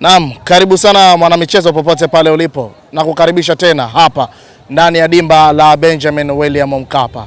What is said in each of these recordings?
Naam, karibu sana mwanamichezo popote pale ulipo na kukaribisha tena hapa ndani ya dimba la Benjamin William Mkapa.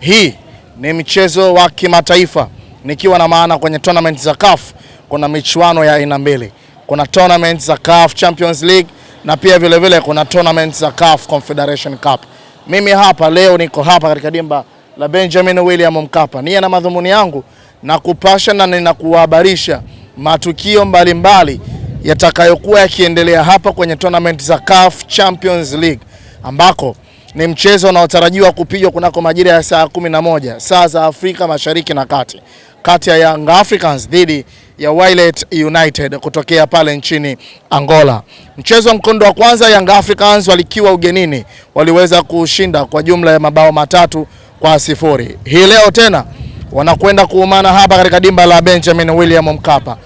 Hii ni mchezo wa kimataifa nikiwa na maana kwenye tournament za CAF kuna michuano ya aina mbili. Kuna tournament za CAF Champions League na pia vile vile kuna tournament za CAF Confederation Cup. Mimi hapa leo niko hapa katika dimba la Benjamin William Mkapa. Nia na madhumuni yangu na kupasha na ninakuhabarisha matukio mbalimbali mbali yatakayokuwa yakiendelea hapa kwenye tournament za CAF Champions League ambako ni mchezo unaotarajiwa kupigwa kunako majira ya saa 11 saa za Afrika Mashariki na Kati, kati ya Young Africans dhidi ya Wydad United kutokea pale nchini Angola. Mchezo wa mkondo wa kwanza, Young Africans walikiwa ugenini, waliweza kushinda kwa jumla ya mabao matatu kwa sifuri. Hii leo tena wanakwenda kuumana hapa katika dimba la Benjamin William Mkapa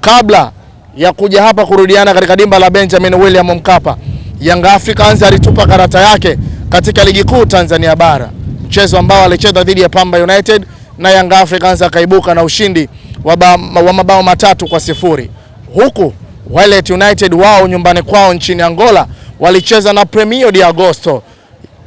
kabla ya kuja hapa kurudiana katika dimba la Benjamin William Mkapa. Young Africans alitupa karata yake katika ligi kuu Tanzania bara, mchezo ambao alicheza dhidi ya Pamba United na Young Africans akaibuka na ushindi wa mabao matatu kwa sifuri huku Wallet United wao nyumbani kwao nchini Angola walicheza na Premier de Agosto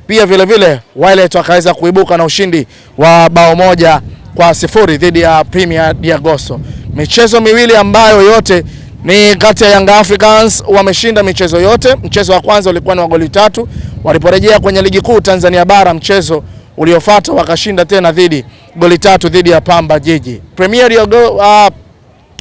pia vile vile Wallet wakaweza kuibuka na ushindi wa bao moja kwa sifuri dhidi ya Premier de Agosto. Michezo miwili ambayo yote ni kati ya Young Africans wameshinda michezo yote. Mchezo wa kwanza ulikuwa ni wa goli tatu, waliporejea kwenye ligi kuu Tanzania bara mchezo uliofuata wakashinda tena dhidi goli tatu dhidi ya Pamba Jiji. Premier League uh, ah,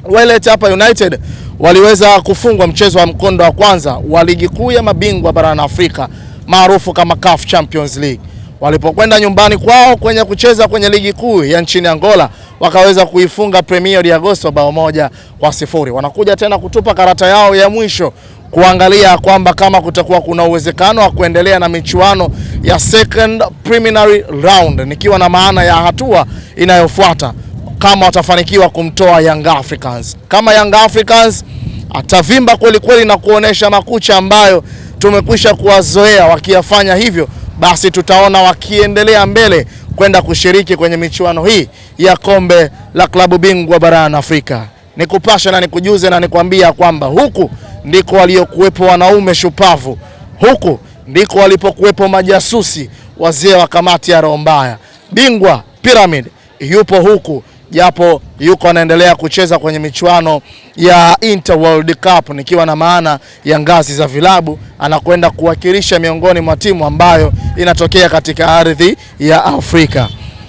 Wellet hapa United waliweza kufungwa mchezo wa mkondo wa kwanza wa ligi kuu ya mabingwa barani Afrika maarufu kama CAF Champions League walipokwenda nyumbani kwao kwenye kucheza kwenye ligi kuu ya nchini Angola wakaweza kuifunga Premier de Agosto bao moja kwa sifuri. Wanakuja tena kutupa karata yao ya mwisho kuangalia kwamba kama kutakuwa kuna uwezekano wa kuendelea na michuano ya second preliminary round, nikiwa na maana ya hatua inayofuata, kama watafanikiwa kumtoa Young Africans. Kama Young Africans atavimba kwelikweli na kuonesha makucha ambayo tumekwisha kuwazoea wakiyafanya hivyo basi tutaona wakiendelea mbele kwenda kushiriki kwenye michuano hii ya kombe la klabu bingwa barani Afrika. Nikupasha na nikujuze na nikwambia kwamba huku ndiko waliokuwepo wanaume shupavu, huku ndiko walipokuwepo majasusi wazee wa kamati ya roho mbaya. Bingwa Pyramid yupo huku japo yuko anaendelea kucheza kwenye michuano ya Inter World Cup, nikiwa na maana ya ngazi za vilabu, anakwenda kuwakilisha miongoni mwa timu ambayo inatokea katika ardhi ya Afrika.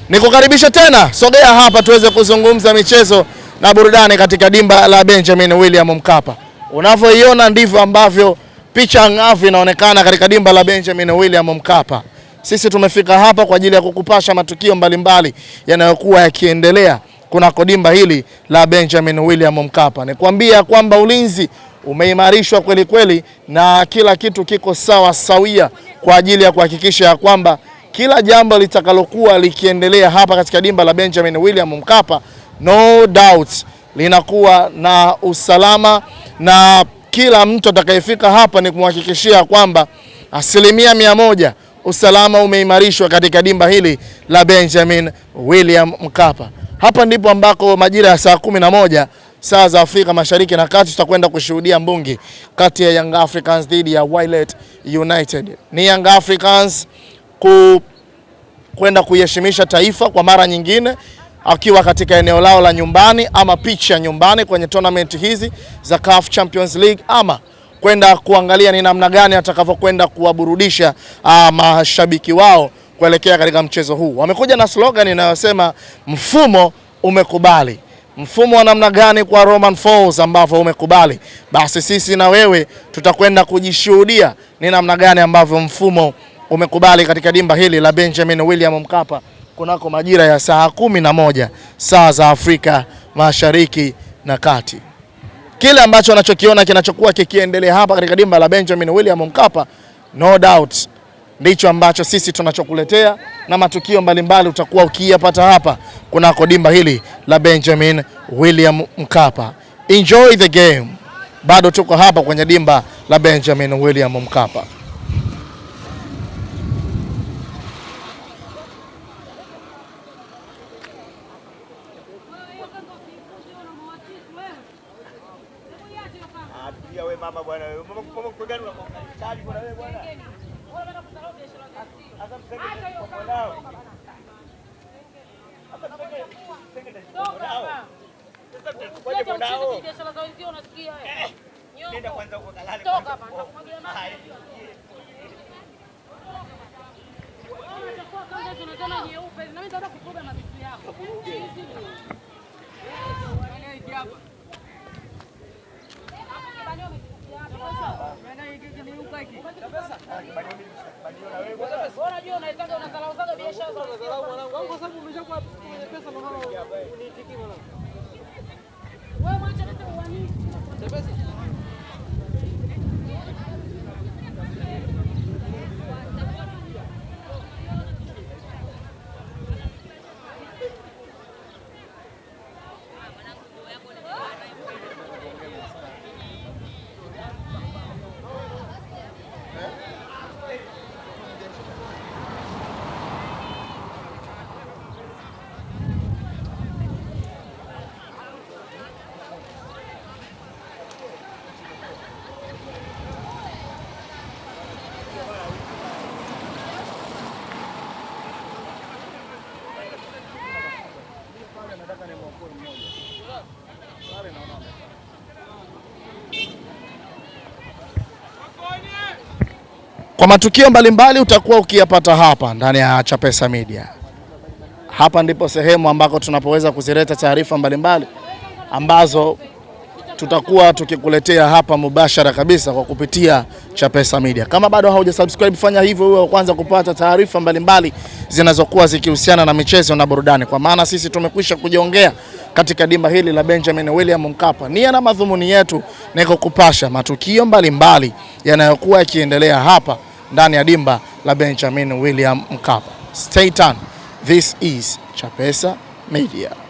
Nikukaribisha tena, sogea hapa tuweze kuzungumza michezo na burudani katika dimba la Benjamin William Mkapa. Unavyoiona ndivyo ambavyo picha ngavu inaonekana katika dimba la Benjamin William Mkapa. Sisi tumefika hapa kwa ajili ya kukupasha matukio mbalimbali yanayokuwa yakiendelea kunako dimba hili la Benjamin William Mkapa. Nikwambia kwamba ulinzi umeimarishwa kweli kweli na kila kitu kiko sawa sawia kwa ajili ya kuhakikisha ya kwamba kila jambo litakalokuwa likiendelea hapa katika dimba la Benjamin William Mkapa, no doubt linakuwa na usalama, na kila mtu atakayefika hapa ni kumhakikishia kwamba asilimia mia moja usalama umeimarishwa katika dimba hili la Benjamin William Mkapa. Hapa ndipo ambako majira ya saa kumi na moja saa za Afrika Mashariki na Kati tutakwenda kushuhudia mbungi kati ya Young Africans dhidi ya Wydad United. Ni Young Africans ku kwenda kuiheshimisha taifa kwa mara nyingine akiwa katika eneo lao la nyumbani ama pitch ya nyumbani kwenye tournament hizi za CAF Champions League ama kwenda kuangalia ni namna gani atakavyokwenda kuwaburudisha ah, mashabiki wao kuelekea katika mchezo huu. Wamekuja na slogan inayosema mfumo umekubali mfumo wa namna gani kwa Roman Falls ambavyo umekubali, basi sisi na wewe tutakwenda kujishuhudia ni namna gani ambavyo mfumo umekubali katika dimba hili la Benjamin William Mkapa kunako majira ya saa kumi na moja saa za Afrika Mashariki na Kati kile ambacho anachokiona kinachokuwa kikiendelea hapa katika dimba la Benjamin William Mkapa, no doubt ndicho ambacho sisi tunachokuletea na matukio mbalimbali utakuwa ukiyapata hapa kunako dimba hili la Benjamin William Mkapa. Enjoy the game. Bado tuko hapa kwenye dimba la Benjamin William Mkapa. Atulia wewe mama bwana wewe. Mama mama kwa gani unakoka? Chali bwana wewe bwana. Bwana unataka biashara gani? Sasa msenge kwa nao. Hapa msenge msenge kwa nao. Sasa msenge kwa nao. Biashara za wenzio unasikia wewe. Eh, eh. Nenda kwanza huko kalale kwanza. Toka hapa nakumwagia mama. Wewe unakuwa kama unazana nyeupe. Na mimi nitaenda kukuba mazizi yako. উনি ঠিকই বলেন Kwa matukio mbalimbali utakuwa ukiyapata hapa ndani ya Chapesa Media. Hapa ndipo sehemu ambako tunapoweza kuzileta taarifa mbalimbali ambazo tutakuwa tukikuletea hapa mubashara kabisa kwa kupitia Chapesa Media. Kama bado subscribe, fanya hivyo uwe wa kwanza kupata taarifa mbalimbali zinazokuwa zikihusiana na michezo na burudani, kwa maana sisi tumekwisha kujiongea katika dimba hili la Benjamin William Mkapa. Nia na madhumuni yetu ni kukupasha matukio mbalimbali yanayokuwa yakiendelea hapa ndani ya dimba la Benjamin William Mkapa. Stay tuned. This is Chapesa Media.